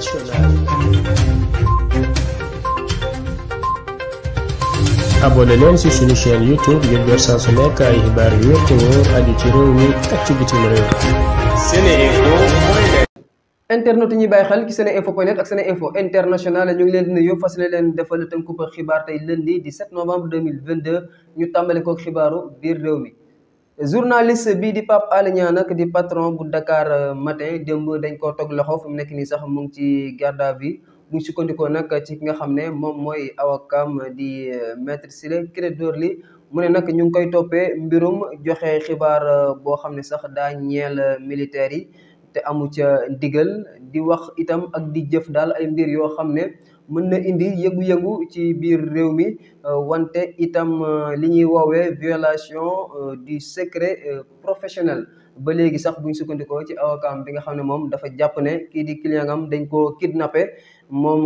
internationale. abonné leen ci suñu chaîne youtube ngir jot saa su nekk ay xibaar yu wér te wóor ci réew mi ak bi bitim réew. SeneInfo. internet ñuy bàyyi xel ci ñu leen di nuyu fas leen defal tënku ba xibaar tey lundi di 7 novembre 2022 ñu tàmbali ko xibaaru biir réew mi. journaliste bii di pap Alé Niang nag di patron bu Dakar euh, Matin démb dañ koo tog loxo fu mu nekk nii sax mu ngi ci garde à vue bu ñu sukkandikoo nag ci ki nga xam ne moom mooy awakam di euh, maître Ciré Clédor Ly mu ne nag ñu ngi koy toppee mbirum joxe xibaar euh, boo xam ne sax daa ñeel militaires yi te amu ca ndigal di wax itam ak di jëf daal ay mbir yoo xam ne mën na indi yëgu yëgu ci biir réew mi euh, wante itam euh, li ñuy woowee violation euh, du secret professionnel ba léegi sax buñ sukkandikoo ci awakam bi nga xam ne moom dafa jàpp ne kii di client am dañ koo nappe moom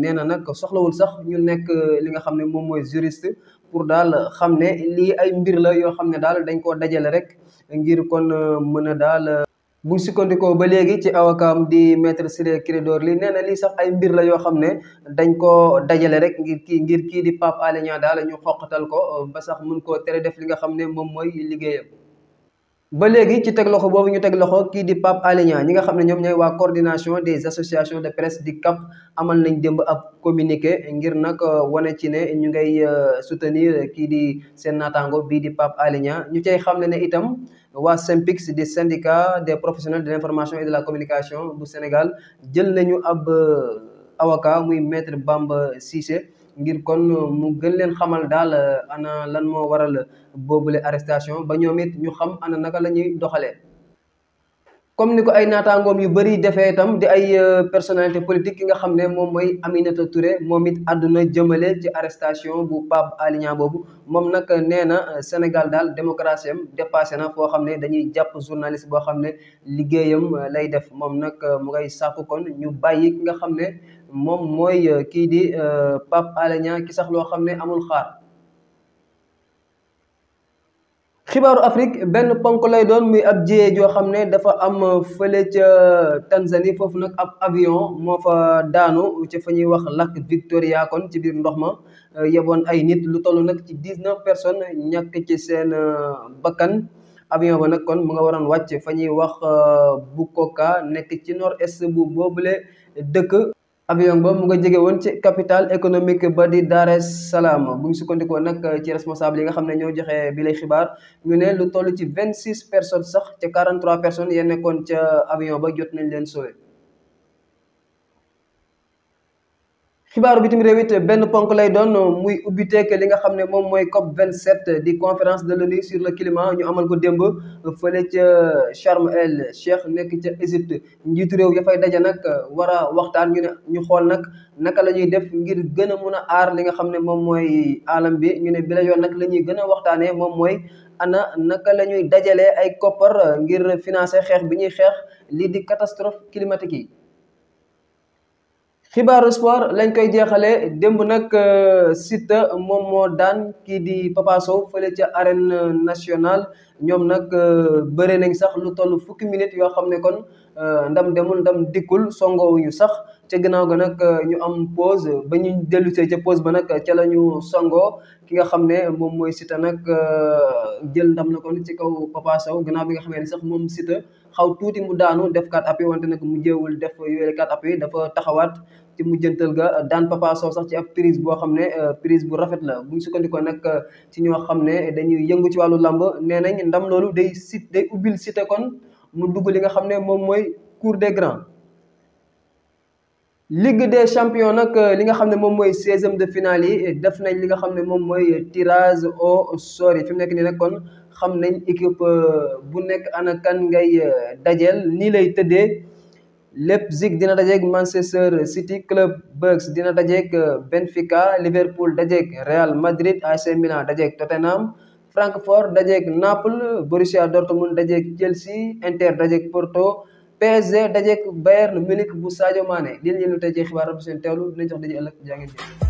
nee na nag soxlawul sax ñu nekk li nga xam ne moom mooy juriste pour daal xam ne lii ay mbir la yoo xam ne daal dañ koo dajale rek ngir kon mën daal buñ sukkandikoo ba léegi ci awakaam di maître Ciré Clédor li nee na lii sax ay mbir la yoo xam ne dañ koo dajale rek ngir kii ngir kii di Pape Alé Niang daal ñu xoqatal ko ba sax mun koo tere def li nga xam ne moom mooy liggéeyam ba léegi ci teg loxo boobu ñu teg loxo kii di Pape Alé Niang ñi nga xam ne ñoom ñooy waa coordination des associations de presse di CAP amal nañ démb ab communiqué ngir nag euh, wane ci ne ñu ngay euh, soutenir kii di seen naataango bii di Pape Alé ñu cay xam ne ne itam waa SYNPICS di syndicat des professionnels de l'information et de la communication bu Sénégal jël nañu ab euh, avocat muy maître bamb Cissé ngir kon mu gën leen xamal daal euh, ana lan moo waral boobule arrestation ba ñoom it ñu xam ana naka la ñuy doxalee. comme ni ko ay naataangoom yu bëri defee itam di ay euh, personnalité politique ki nga xam ne moom mooy Aminata Touré moom it àdduna jëmale ci arrestation bu Pape Alé boobu moom nag nee na euh, Sénégal daal démocratie am dépassé na foo xam ne dañuy jàpp journaliste boo xam ne liggéeyam lay def moom nag mu ngay sàkku kon ñu bàyyi ki nga xam ne moom mooy euh, kii di euh, Pape Alé ki sax loo xam ne amul xaar xibaaru Afrique benn ponk lay doon muy ab jiyee joo xam ne dafa am fële ca Tanzanie foofu nag ab avion moo fa daanu ci fa ñuy wax lac Victoria kon ci biir ndox ma euh, yeboon ay nit lu toll nag ci dix-neuf personnes ñàkk ci seen bakkan avion ba nag kon mu nga waroon wàcc fa ñuy wax bu Bukoka nekk ci nord-est bu boobule dëkk avion ba mu nga jege woon ci capitale économique ba di Dar es Salaam bu ñu sukkandikoo nag uh, ci responsable yi nga xam ne ñoo joxe bi lay xibaar ñu ne lu toll ci vingt six personnes sax ca quarante trois personnes ya nekkoon ca avion ba jot nañ leen sauvé. xibaaru bitim réew it benn ponk lay doon muy ubbiteek li nga xam ne moom mooy COP 27 di conférence de l'ONU sur le climat ñu amal ko démb fële ca charme el Sheikh nekk ca Égypte njiitu réew ya fay daje nag war a waxtaan ñu ne ñu xool nag naka la ñuy def ngir gën a mun a aar li nga xam ne moom mooy alam bi ñu ne bi la yoon nag la ñuy gën a waxtaanee moom mooy anna naka la ñuy dajalee ay koppar ngir financer xeex bi ñuy xeex lii di catastrophe climatique yi. xibaaru sport lañ koy jeexalee démb nag euh, sita moom moo daan kii di Papa Sow fële ca arène nationale ñoom nag euh, bëre nañ sax lu toll fukki minutes yoo xam ne kon euh, ndam demul ndam dikkul songoowuñu sax ce gannaaw ga nag euh, ñu am pause ba ñu dellusee ca pose ba nag ca la ñu songoo ki nga xam ne moom mooy Siteu nag euh, jël ndam la kon ci kaw Papa Sow gannaaw bi nga xamee sax moom Siteu xaw tuuti mu daanu def kat appui wante nag mu jéewul def yooyu dafa taxawaat ci mujjantal ga daan Papa sax ci ab boo xam ne euh, prise bu rafet la bu sukkandikoo nag ci ñoo xam ne dañuy yëngu ci wàllu làmb nee nañ ndam loolu day sit day ubbil Siteu kon mu dugg li nga xam ne moom mooy cour de grands Ligue de champions nag euh, li nga xam ne moom mooy seizième de finale yi euh, def nañ li nga xam ne moom mooy tirage au sort yi fi mu nekk nii nag kon xam nañ équipe euh, bu nekk ana kan ngay dajeel nii lay tëddee Leipzig dina dajeek Manchester City Club Brugge dina dajeeg Benfica Liverpool dajeeg Real Madrid AC Milan dajeeg Tottenham Francfort dajeeg Naples Borussia Dortmund dajeeg Chelsea Inter dajeeg Porto. PSG dajeek Bayern Munich bu Sadio Mané dinañ leen lu tey ci xibaar rafet seen teewlu dinañ jox daje ëllëg jaa ngeen jëf